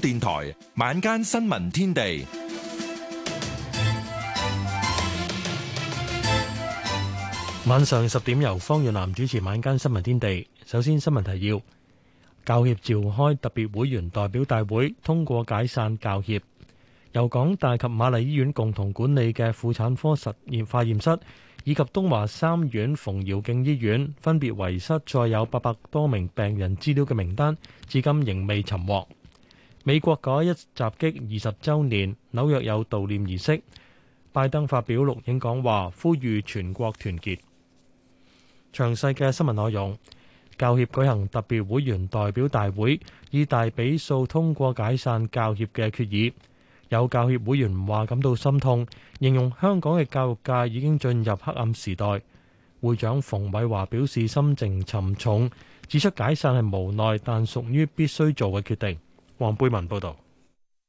電台晚間新聞天地，晚上十點由方月南主持。晚間新聞天地，首先新聞提要：教協召開特別會員代表大會，通過解散教協。由港大及瑪麗醫院共同管理嘅婦產科實驗化驗室，以及東華三院馮堯敬醫院，分別遺失載有八百多名病人資料嘅名單，至今仍未尋獲。美國嗰一襲擊二十周年，紐約有悼念儀式。拜登發表錄影講話，呼籲全國團結。詳細嘅新聞內容，教協舉行特別會員代表大會，以大比數通過解散教協嘅決議。有教協會員話感到心痛，形容香港嘅教育界已經進入黑暗時代。會長馮偉華表示心情沉重，指出解散係無奈，但屬於必須做嘅決定。黃貝文報道，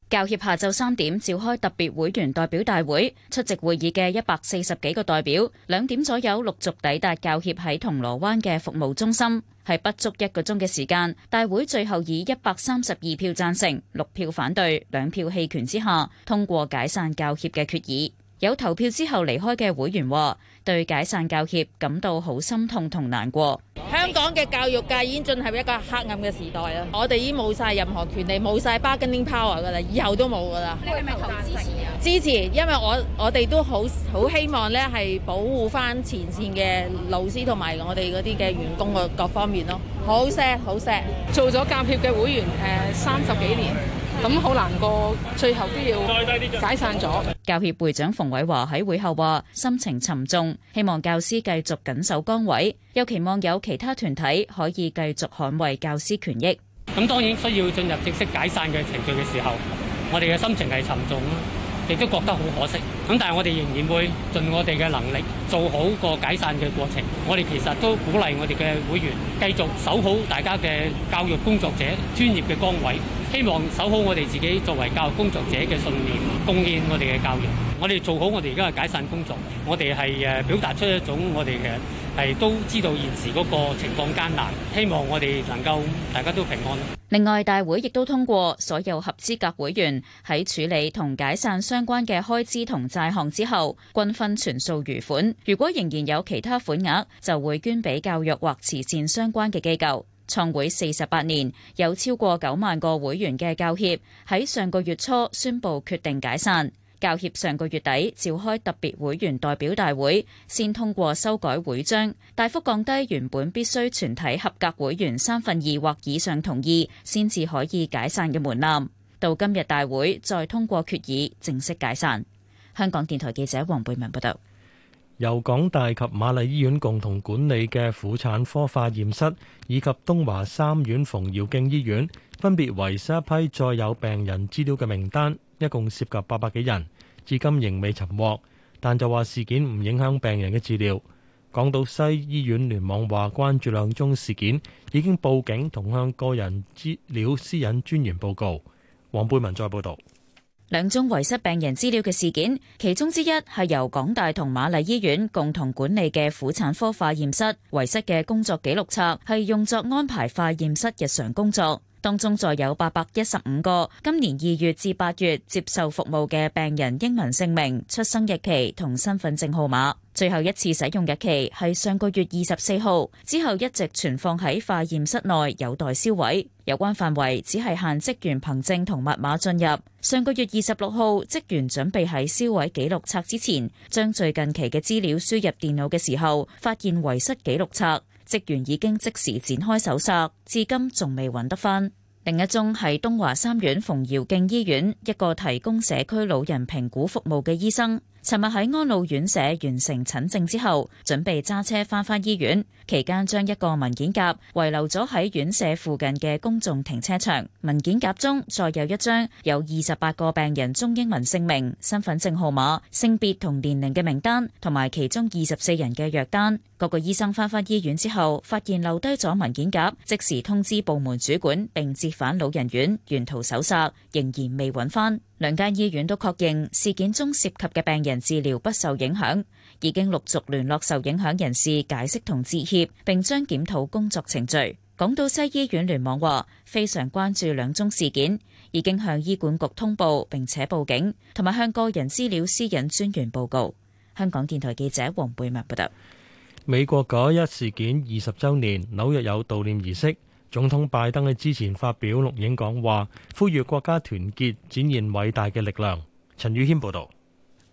教協下晝三點召開特別會員代表大會，出席會議嘅一百四十幾個代表，兩點左右陸續抵達教協喺銅鑼灣嘅服務中心，係不足一個鐘嘅時間。大會最後以一百三十二票讚成，六票反對，兩票棄權之下，通過解散教協嘅決議。有投票之後離開嘅會員話：對解散教協感到好心痛同難過。Okay. 香港嘅教育界已經進入一個黑暗嘅時代啦，我哋已經冇晒任何權利，冇晒 bargaining power 噶啦，以後都冇噶啦。你係咪支持啊？支持，因為我我哋都好好希望咧，係保護翻前線嘅老師同埋我哋嗰啲嘅員工個各方面咯。好 sad，好 sad。做咗教協嘅會員誒三十幾年。咁好難過，最後都要解散咗。教協會長馮偉華喺會後話：心情沉重，希望教師繼續緊守崗位，又期望有其他團體可以繼續捍衞教師權益。咁當然需要進入正式解散嘅程序嘅時候，我哋嘅心情係沉重，亦都覺得好可惜。咁但係我哋仍然會盡我哋嘅能力做好個解散嘅過程。我哋其實都鼓勵我哋嘅會員繼續守好大家嘅教育工作者專業嘅崗位。希望守好我哋自己作為教育工作者嘅信念，貢獻我哋嘅教育。我哋做好我哋而家嘅解散工作。我哋係誒，表達出一種我哋嘅係都知道現時嗰個情況艱難，希望我哋能夠大家都平安。另外，大會亦都通過所有合資格會員喺處理同解散相關嘅開支同債項之後，均分全數餘款。如果仍然有其他款額，就會捐俾教育或慈善相關嘅機構。創會四十八年，有超過九萬個會員嘅教協喺上個月初宣布決定解散。教協上個月底召開特別會員代表大會，先通過修改會章，大幅降低原本必須全體合格會員三分二或以上同意先至可以解散嘅門檻。到今日大會再通過決議，正式解散。香港電台記者黃貝文報道。由港大及瑪麗醫院共同管理嘅婦產科化驗室，以及東華三院馮堯敬醫院，分別遺失一批載有病人資料嘅名單，一共涉及八百幾人，至今仍未尋獲。但就話事件唔影響病人嘅治療。港島西醫院聯網話關注兩宗事件，已經報警同向個人資料私隱專員報告。黃貝文再報道。兩宗遺失病人資料嘅事件，其中之一係由港大同瑪麗醫院共同管理嘅婦產科化，化驗室遺失嘅工作記錄冊，係用作安排化驗室日常工作。當中載有八百一十五個今年二月至八月接受服務嘅病人英文姓名、出生日期同身份證號碼，最後一次使用日期係上個月二十四號，之後一直存放喺化驗室內，有待銷毀。有關範圍只係限職員憑證同密碼進入。上個月二十六號，職員準備喺銷毀紀錄冊之前，將最近期嘅資料輸入電腦嘅時候，發現遺失紀錄冊，職員已經即時展開搜查，至今仲未揾得翻。另一宗係東華三院馮堯敬醫院，一個提供社區老人評估服務嘅醫生，尋日喺安老院舍完成診症之後，準備揸車翻返醫院。期間將一個文件夾遺留咗喺院舍附近嘅公眾停車場，文件夾中再有一張有二十八個病人中英文姓名、身份證號碼、性別同年齡嘅名單，同埋其中二十四人嘅藥單。各個醫生翻返醫院之後，發現留低咗文件夾，即時通知部門主管，並折返老人院沿途搜查，仍然未揾翻。兩間醫院都確認事件中涉及嘅病人治療不受影響。已經陸續聯絡受影響人士解釋同致歉，並將檢討工作程序。港島西醫院聯網話非常關注兩宗事件，已經向醫管局通報並且報警，同埋向個人資料私隱專員報告。香港電台記者黃貝文報道。美國九一一事件二十週年，紐約有悼念儀式。總統拜登喺之前發表錄影講話，呼籲國家團結，展現偉大嘅力量。陳宇軒報道。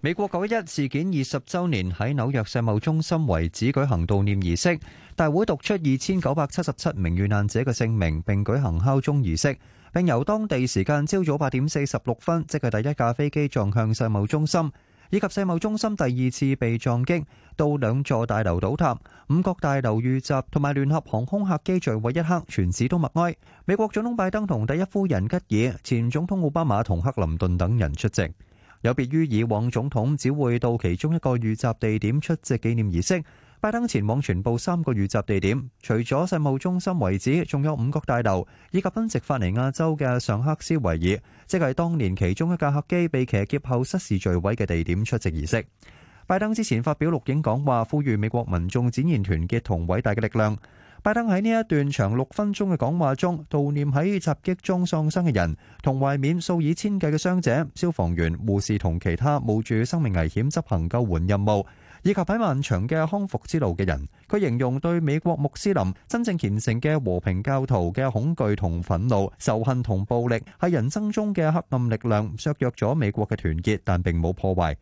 美國九一一事件二十周年，喺紐約世貿中心遺址舉行悼念儀式，大會讀出二千九百七十七名遇難者嘅姓名，並舉行敲鐘儀式，並由當地時間朝早八點四十六分，即係第一架飛機撞向世貿中心，以及世貿中心第二次被撞擊到兩座大樓倒塌，五角大樓遇襲同埋聯合航空客機墜毀一刻，全市都默哀。美國總統拜登同第一夫人吉爾、前總統奧巴馬同克林頓等人出席。有別於以往總統只會到其中一個遇襲地點出席紀念儀式，拜登前往全部三個遇襲地點，除咗世貿中心遺址，仲有五角大樓以及賓夕法尼亞州嘅尚克斯維爾，即係當年其中一架客機被騎劫後失事墜毀嘅地點出席儀式。拜登之前發表錄影講話，呼籲美國民眾展現團結同偉大嘅力量。拜登喺呢一段長六分鐘嘅講話中，悼念喺襲擊中喪生嘅人，同懷緬數以千計嘅傷者、消防員、護士同其他冒住生命危險執行救援任務，以及喺漫長嘅康復之路嘅人。佢形容對美國穆斯林真正虔誠嘅和平教徒嘅恐懼同憤怒、仇恨同暴力係人生中嘅黑暗力量，削弱咗美國嘅團結，但並冇破壞。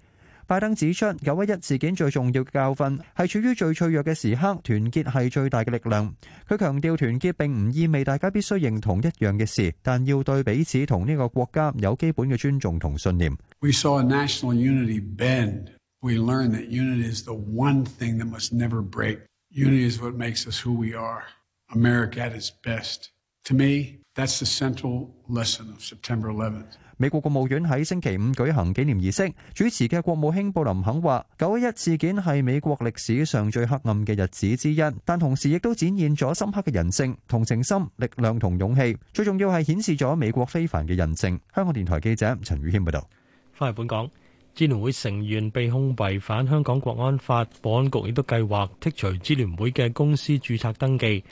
拜登指出，九一一事件最重要嘅教訓係處於最脆弱嘅時刻，團結係最大嘅力量。佢強調，團結並唔意味大家必須認同一樣嘅事，但要對彼此同呢個國家有基本嘅尊重同信念。We saw a national unity bend. We learned that unity is the one thing that must never break. Unity is what makes us who we are. America at its best. To me, that's the central lesson of September 11th. 美國國務院喺星期五舉行紀念儀式，主持嘅國務卿布林肯話：九一一事件係美國歷史上最黑暗嘅日子之一，但同時亦都展現咗深刻嘅人性、同情心、力量同勇氣。最重要係顯示咗美國非凡嘅人性。香港電台記者陳宇謙報道。翻嚟本港，支聯會成員被控違反香港國安法，保安局亦都計劃剔除支聯會嘅公司註冊登記。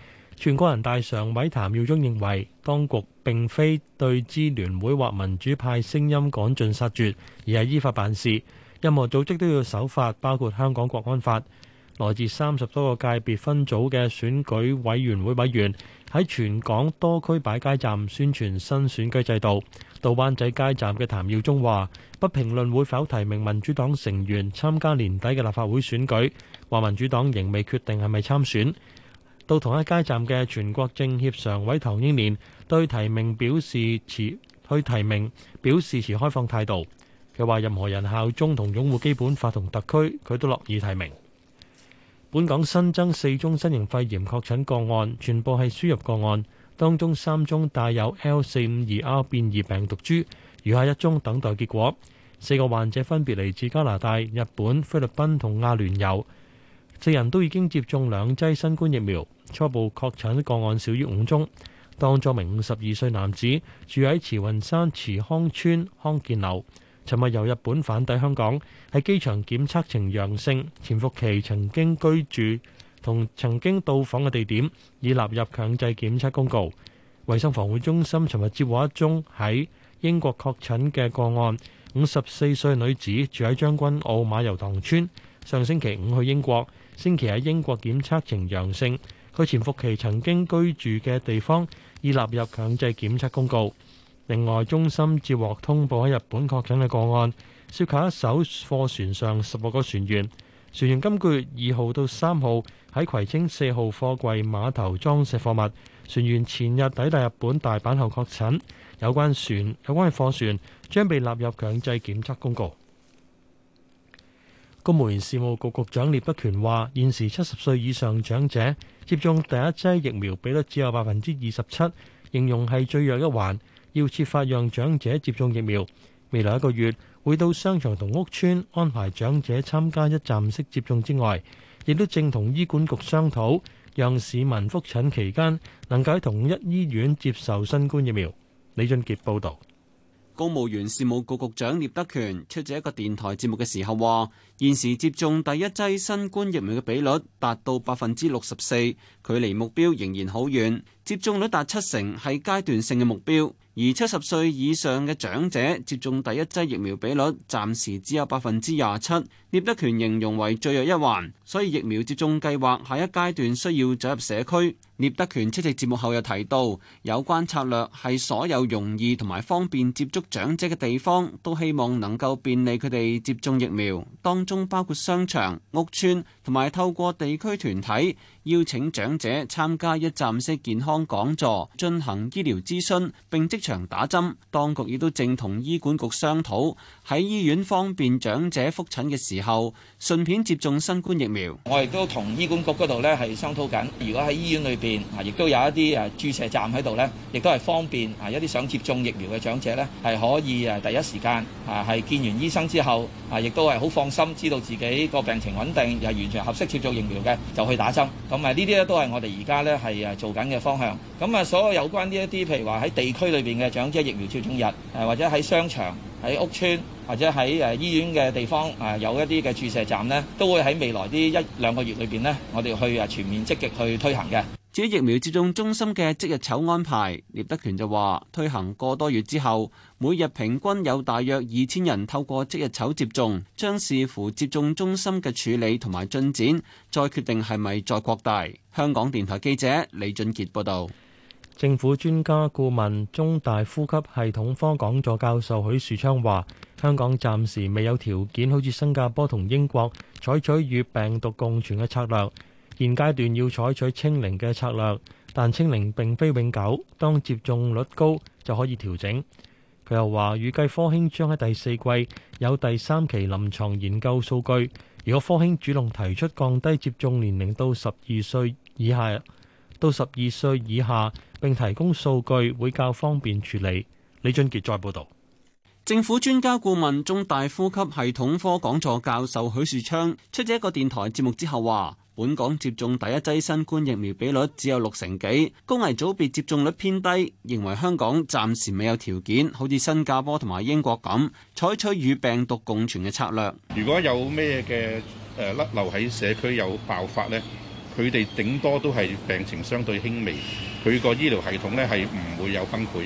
全國人大常委譚耀宗認為，當局並非對支聯會或民主派聲音趕盡殺絕，而是依法辦事。任何組織都要守法，包括香港國安法。來自三十多個界別分組的選舉委員會委員，在全港多區擺街站宣傳新選舉制度，到灣仔街站的譚耀宗話，不評論會否提名民主黨成員參加年底的立法會選舉，話民主黨仍未決定係咪參選。到同一街站嘅全國政協常委唐英年對提名表示持推提名表示持開放態度，佢話任何人效忠同擁護基本法同特區，佢都樂意提名。本港新增四宗新型肺炎確診個案，全部係輸入個案，當中三宗帶有 L 四五二 R 變異病毒株，餘下一宗等待結果。四個患者分別嚟自加拿大、日本、菲律賓同阿聯酋。四人都已經接種兩劑新冠疫苗，初步確診的個案少於五宗。當中一名五十二歲男子住喺慈雲山慈康村康健樓，尋日由日本返抵香港，喺機場檢測呈陽性，潛伏期曾經居住同曾經到訪嘅地點已納入強制檢測公告。衛生防護中心尋日接獲一宗喺英國確診嘅個案，五十四歲女子住喺將軍澳馬油塘村，上星期五去英國。星期喺英國檢測呈陽性，佢潛伏期曾經居住嘅地方已納入強制檢測公告。另外，中心接獲通報喺日本確診嘅個案，涉及一艘貨船上十個船員。船員今個月二號到三號喺葵青四號貨櫃碼頭裝卸貨物，船員前日抵達日本大阪後確診。有關船、有關嘅貨船將被納入強制檢測公告。公務員事務局局長聶德權話：現時七十歲以上長者接種第一劑疫苗比率只有百分之二十七，形容係最弱一環，要設法讓長者接種疫苗。未來一個月會到商場同屋邨安排長者參加一站式接種之外，亦都正同醫管局商討，讓市民覆診期間能夠喺同一醫院接受新冠疫苗。李俊傑報導。公務員事務局局長聶德權出席一個電台節目嘅時候話，現時接種第一劑新冠疫苗嘅比率達到百分之六十四，距離目標仍然好遠。接種率達七成係階段性嘅目標，而七十歲以上嘅長者接種第一劑疫苗比率暫時只有百分之廿七。聶德權形容為最弱一環，所以疫苗接種計劃下一階段需要走入社區。聶德權出席節目後又提到，有關策略係所有容易同埋方便接觸長者嘅地方，都希望能夠便利佢哋接種疫苗，當中包括商場、屋邨同埋透過地區團體邀請長者參加一站式健康講座，進行醫療諮詢並即場打針。當局亦都正同醫管局商討喺醫院方便長者覆診嘅時候。後順便接種新冠疫苗，我亦都同醫管局嗰度咧係商討緊。如果喺醫院裏邊啊，亦都有一啲誒注射站喺度咧，亦都係方便啊，一啲想接種疫苗嘅長者咧，係可以誒第一時間啊，係見完醫生之後啊，亦都係好放心，知道自己個病情穩定，又係完全合適接種疫苗嘅，就去打針。咁啊，呢啲咧都係我哋而家咧係誒做緊嘅方向。咁啊，所有有關呢一啲，譬如話喺地區裏邊嘅長者疫苗接種日，誒或者喺商場。喺屋邨或者喺誒醫院嘅地方誒，有一啲嘅注射站呢，都會喺未來呢一兩個月裏邊呢，我哋去誒全面積極去推行嘅。至於疫苗接種中心嘅即日籌安排，聶德權就話：推行個多月之後，每日平均有大約二千人透過即日籌接種，將視乎接種中心嘅處理同埋進展，再決定係咪再擴大。香港電台記者李俊傑報道。政府專家顧問、中大呼吸系統科講座教授許樹昌話：香港暫時未有條件，好似新加坡同英國，採取與病毒共存嘅策略。現階段要採取清零嘅策略，但清零並非永久。當接種率高就可以調整。佢又話：預計科興將喺第四季有第三期臨床研究數據。如果科興主動提出降低接種年齡到十二歲以下。到十二歲以下，並提供數據會較方便處理。李俊傑再報道。政府專家顧問、中大呼吸系統科講座教授許樹昌出席一個電台節目之後話，本港接種第一劑新冠疫苗比率只有六成幾，高危組別接種率偏低，認為香港暫時未有條件，好似新加坡同埋英國咁，採取與病毒共存嘅策略。如果有咩嘅誒甩留喺社區有爆發咧？佢哋頂多都係病情相對輕微，佢個醫療系統咧係唔會有崩潰。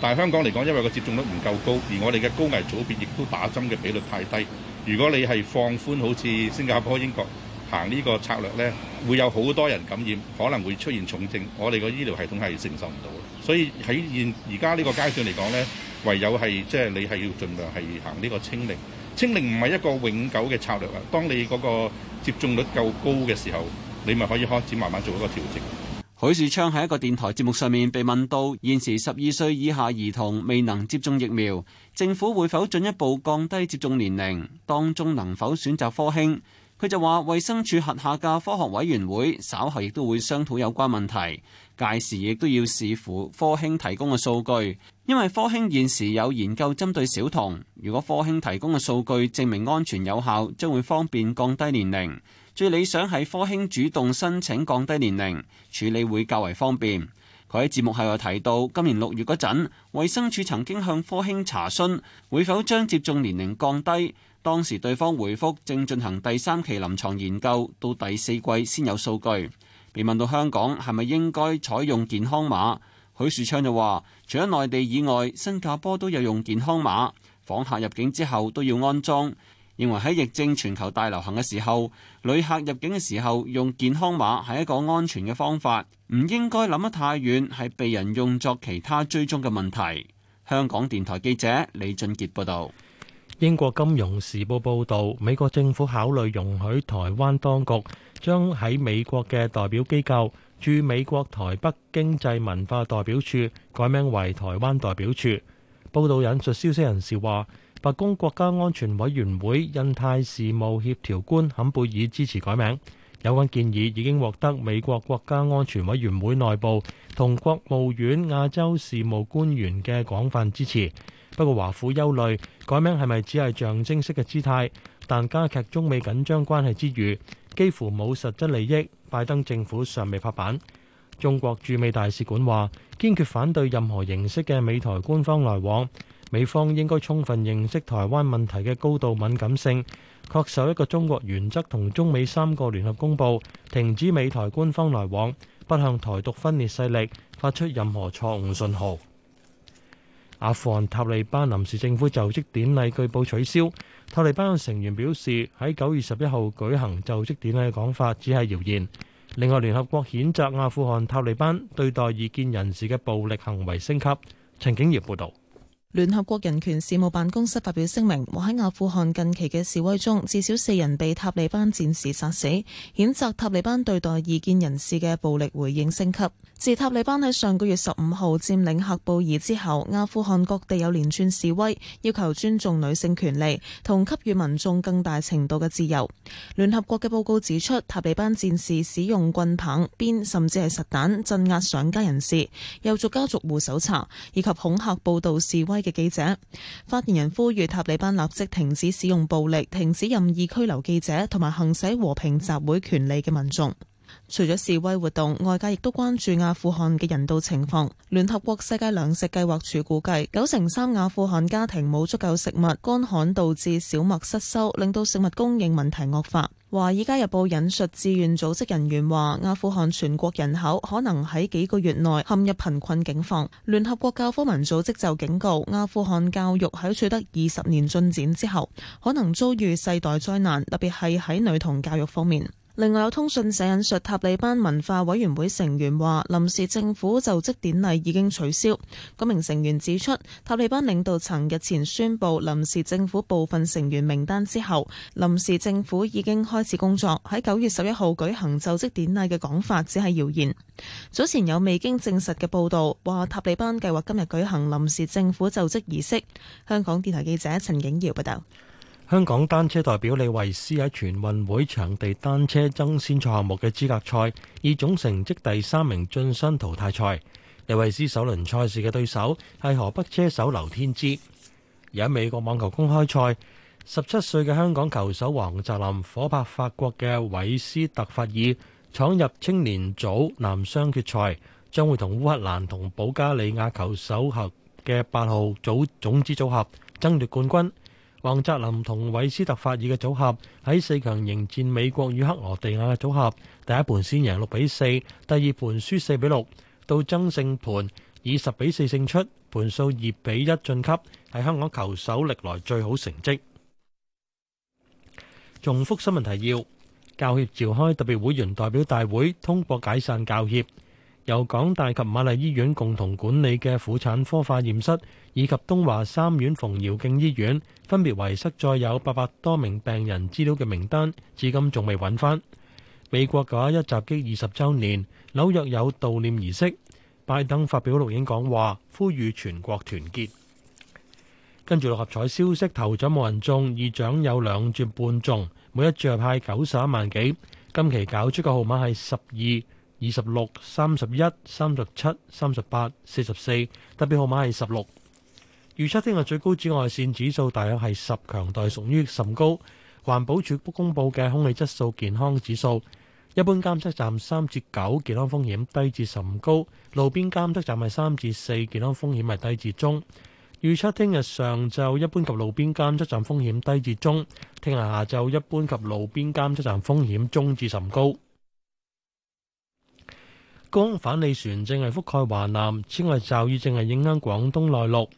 但係香港嚟講，因為個接種率唔夠高，而我哋嘅高危組別亦都打針嘅比率太低。如果你係放寬，好似新加坡、英國行呢個策略咧，會有好多人感染，可能會出現重症。我哋個醫療系統係承受唔到嘅。所以喺現而家呢個階段嚟講咧，唯有係即係你係要盡量係行呢個清零。清零唔係一個永久嘅策略啊。當你嗰個接種率夠高嘅時候，你咪可以開始慢慢做一個調整。許樹昌喺一個電台節目上面被問到，現時十二歲以下兒童未能接種疫苗，政府會否進一步降低接種年齡？當中能否選擇科興？佢就話，衛生署轄下嘅科學委員會稍後亦都會商討有關問題，屆時亦都要視乎科興提供嘅數據，因為科興現時有研究針對小童。如果科興提供嘅數據證明安全有效，將會方便降低年齡。最理想係科興主動申請降低年齡，處理會較為方便。佢喺節目度有提到，今年六月嗰陣，衛生署曾經向科興查詢會否將接種年齡降低，當時對方回覆正進行第三期臨床研究，到第四季先有數據。被問到香港係咪應該採用健康碼，許樹昌就話：除咗內地以外，新加坡都有用健康碼，訪客入境之後都要安裝。認為喺疫症全球大流行嘅時候，旅客入境嘅時候用健康碼係一個安全嘅方法，唔應該諗得太遠，係被人用作其他追蹤嘅問題。香港電台記者李俊傑報導。英國金融時報報導，美國政府考慮容許台灣當局將喺美國嘅代表機構駐美國台北經濟文化代表處改名為台灣代表處。報導引述消息人士話，白宮國家安全委員會印太事務協調官坎貝爾支持改名，有關建議已經獲得美國國家安全委員會內部同國務院亞洲事務官員嘅廣泛支持。不過華府憂慮改名係咪只係象徵式嘅姿態，但加劇中美緊張關係之餘，幾乎冇實質利益。拜登政府尚未拍板。中國駐美大使館話：堅決反對任何形式嘅美台官方來往。美方應該充分認識台灣問題嘅高度敏感性，恪守一個中國原則，同中美三個聯合公佈，停止美台官方來往，不向台獨分裂勢力發出任何錯誤信號。阿富汗塔利班臨時政府就職典禮據報取消，塔利班成員表示喺9月十一號舉行就職典禮嘅講法只係謠言。另外，聯合國譴責阿富汗塔利班對待異見人士嘅暴力行為升級。陳景業報導。聯合國人權事務辦公室發表聲明，話喺阿富汗近期嘅示威中，至少四人被塔利班戰士殺死，譴責塔利班對待異見人士嘅暴力回應升級。自塔利班喺上個月十五號佔領喀布爾之後，阿富汗各地有連串示威，要求尊重女性權利同給予民眾更大程度嘅自由。聯合國嘅報告指出，塔利班戰士使用棍棒、鞭甚至係實彈鎮壓上街人士，又逐家逐戶搜查，以及恐嚇報道示威嘅記者。發言人呼籲塔利班立即停止使用暴力，停止任意拘留記者，同埋行使和平集會權利嘅民眾。除咗示威活動，外界亦都關注阿富汗嘅人道情況。聯合國世界糧食計劃署估計，九成三阿富汗家庭冇足夠食物。乾旱導致小麥失收，令到食物供應問題惡化。《華爾街日報》引述志願組織人員話，阿富汗全國人口可能喺幾個月內陷入貧困境況。聯合國教科文組織就警告，阿富汗教育喺取得二十年進展之後，可能遭遇世代災難，特別係喺女童教育方面。另外有通訊社引述塔利班文化委員會成員話，臨時政府就職典禮已經取消。嗰名成員指出，塔利班領導層日前宣布臨時政府部分成員名單之後，臨時政府已經開始工作。喺九月十一號舉行就職典禮嘅講法只係謠言。早前有未經證實嘅報道話塔利班計劃今日舉行臨時政府就職儀式。香港電台記者陳景耀報道。香港單車代表李慧詩喺全運會場地單車爭先賽項目嘅資格賽以總成績第三名晉身淘汰賽，李慧詩首輪賽事嘅對手係河北車手劉天姿。而喺美國網球公開賽17王澤林同韋斯特法爾嘅組合喺四強迎戰美國與克羅地亞嘅組合，第一盤先贏六比四，第二盤輸四比六，到爭勝盤以十比四勝出，盤數二比一晉級，係香港球手歷來最好成績。重複新聞提要：教協召開特別會員代表大會，通過解散教協。由港大及瑪麗醫院共同管理嘅婦產科化驗室，以及東華三院馮堯敬醫院，分別遺失載有八百多名病人資料嘅名單，至今仲未揾翻。美國九一一襲擊二十周年，紐約有悼念儀式，拜登發表錄影講話，呼籲全國團結。跟住六合彩消息，頭獎冇人中，二獎有兩注半中，每一注派九十一萬幾。今期搞出個號碼係十二。二十六、三十一、三十七、三十八、四十四，特別號碼係十六。預測聽日最高紫外線指數大約係十，強度屬於甚高。環保署公布嘅空氣質素健康指數，一般監測站三至九，9，健康風險低至甚高，路邊監測站係三至四，4，健康風險係低至中。預測聽日上晝一般及路邊監測站風險低至中，聽日下晝一般及路邊監測站風險中至甚高。公反利船正係覆蓋華南，此外驟雨正係影響廣東內陸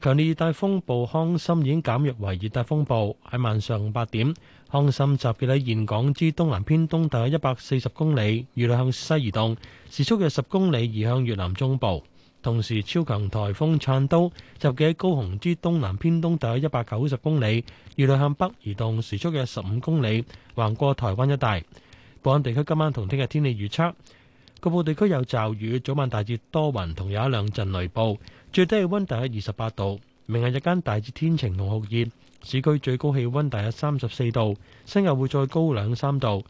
強烈熱帶風暴康森已經減弱為熱帶風暴，喺晚上八點康森集結喺沿港之東南偏東大約一百四十公里，預料向西移動時速約十公里，移向越南中部。同時超強台風燦都集結喺高雄之東南偏東大約一百九十公里，預料向北移動時速約十五公里，橫過台灣一帶，本港地區今晚同聽日天氣預測。局部地區有驟雨，早晚大致多雲，同有一兩陣雷暴。最低氣温大約二十八度。明日日間大致天晴同酷熱，市區最高氣温大約三十四度，新界會再高兩三度，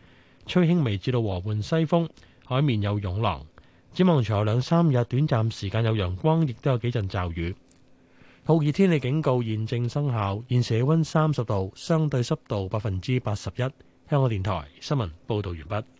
吹輕微至到和緩西風，海面有湧浪。展望再有兩三日，短暫時間有陽光，亦都有幾陣驟雨。酷熱天氣警告現正生效，現時氣温三十度，相對濕度百分之八十一。香港電台新聞報導完畢。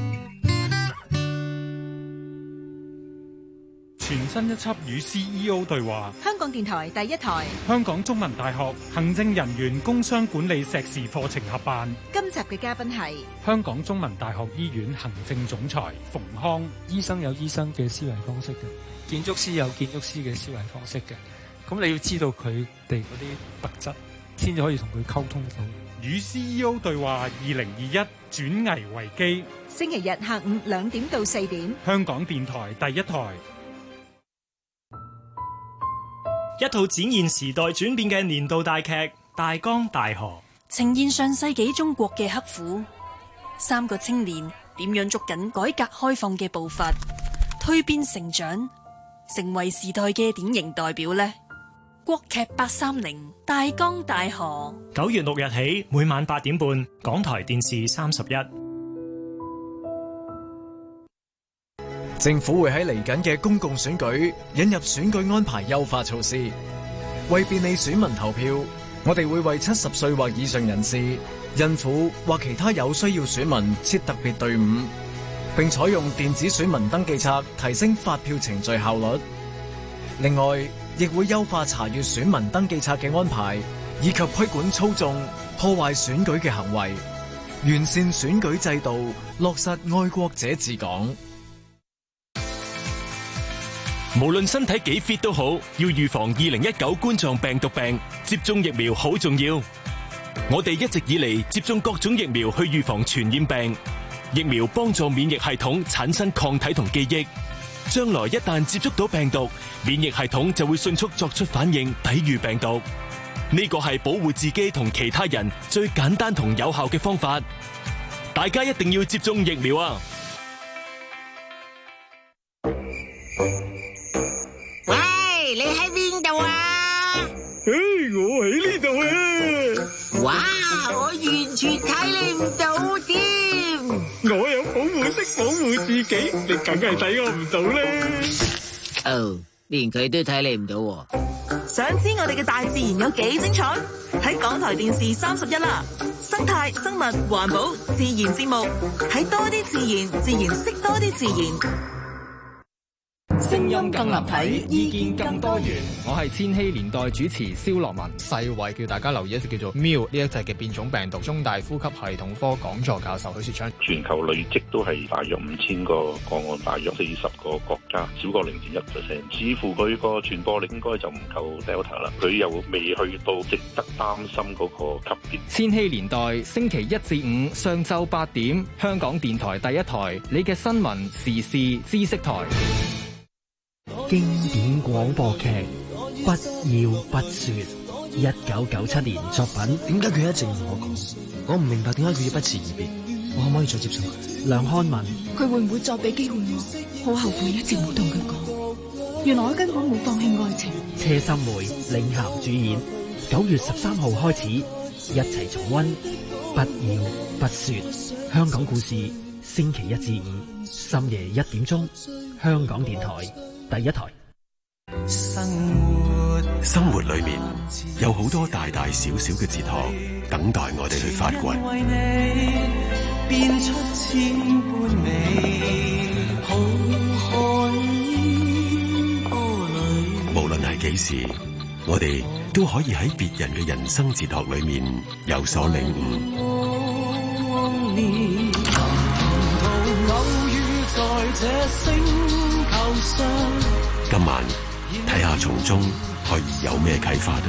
全新一輯與 CEO 對話，香港電台第一台，香港中文大學行政人員工商管理碩士課程合辦。今集嘅嘉賓係香港中文大學醫院行政總裁馮康。醫生有醫生嘅思維方式嘅，建築師有建築師嘅思維方式嘅。咁你要知道佢哋嗰啲特質，先至可以同佢溝通到。與 CEO 對話二零二一轉危為機，星期日下午兩點到四點，香港電台第一台。一套展現時代轉變嘅年度大劇《大江大河》，呈現上世紀中國嘅刻苦，三個青年點樣捉緊改革開放嘅步伐，蛻變成長，成為時代嘅典型代表呢？國劇八三零《大江大河》，九月六日起每晚八點半，港台電視三十一。政府會喺嚟緊嘅公共選舉引入選舉安排優化措施，為便利選民投票，我哋會為七十歲或以上人士、孕婦或其他有需要選民設特別隊伍，並採用電子選民登記冊，提升發票程序效率。另外，亦會優化查閱選民登記冊嘅安排，以及規管操縱、破壞選舉嘅行為，完善選舉制度，落實愛國者治港。無論身體幾 fit 都好，要預防2019冠狀病毒病，接種疫苗好重要。我哋一直以嚟接種各種疫苗去預防傳染病。疫苗幫助免疫系統產生抗體同記憶。將來一旦接觸到病毒，免疫系統就會迅速作出反應，抵禦病毒。呢個係保護自己同其他人最簡單同有效嘅方法。大家一定要接種疫苗啊！你喺邊度啊？誒，我喺呢度啊！哇，我完全睇你唔到添！我有保護色保護自己，你梗係睇我唔到咧。哦，連佢都睇你唔到。想知我哋嘅大自然有幾精彩？睇港台電視三十一啦，生態、生物、環保、自然節目，睇多啲自然，自然識多啲自然。聲音更立體，意見更多元。我係千禧年代主持蕭樂文。世衛叫大家留意，一隻叫做 Mu 呢一隻嘅變種病毒。中大呼吸系統科講座教授許樹昌，全球累積都係大約五千個個案，大約四十個個國家，少過零點一 percent。似乎佢個傳播力應該就唔夠 Delta 啦，佢又未去到值得擔心嗰個級別。千禧年代星期一至五上晝八點，香港電台第一台，你嘅新聞時事知識台。經典廣播劇《不要不說》，一九九七年作品。點解佢一直同我講？我唔明白點解佢要不辭而別。我可唔可以再接受佢？梁康文，佢會唔會再俾機會我？好後悔一直冇同佢講。原來我根本冇放棄愛情。車心梅領銜主演。九月十三號開始一齊重溫《不要不說》。香港故事，星期一至五深夜一點鐘，香港電台。第一台。生活，生活裏面有好多大大小小嘅哲學，等待我哋去發掘。無論係幾時，我哋都可以喺別人嘅人生哲學裏面有所領悟。今晚睇下從中可以有咩啟發咧？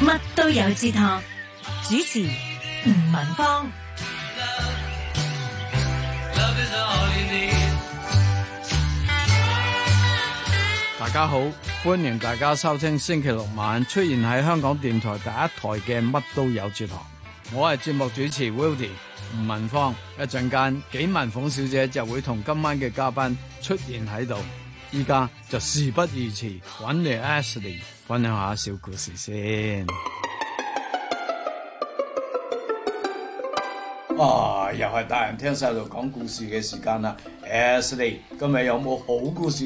乜都有字堂，主持吳文芳。大家好，歡迎大家收聽星期六晚出現喺香港電台第一台嘅《乜都有節堂》。我係節目主持 Willy 吳文芳，一陣間紀文鳳小姐就會同今晚嘅嘉賓出現喺度，依家就事不宜遲，搵你 Ashley 分享下小故事先。啊，又係大人聽細路講故事嘅時間啦，Ashley 今日有冇好故事？